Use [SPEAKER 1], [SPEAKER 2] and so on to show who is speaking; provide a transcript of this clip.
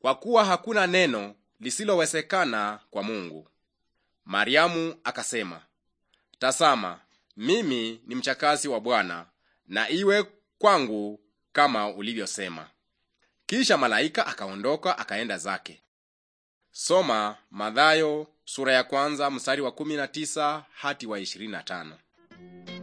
[SPEAKER 1] kwa kuwa hakuna neno lisilowezekana kwa Mungu. Mariamu akasema, Tazama, mimi ni mchakazi wa Bwana, na iwe kwangu kama ulivyosema. Kisha malaika akaondoka akaenda zake. Soma Mathayo sura ya kwanza mstari wa 19 hadi wa 25.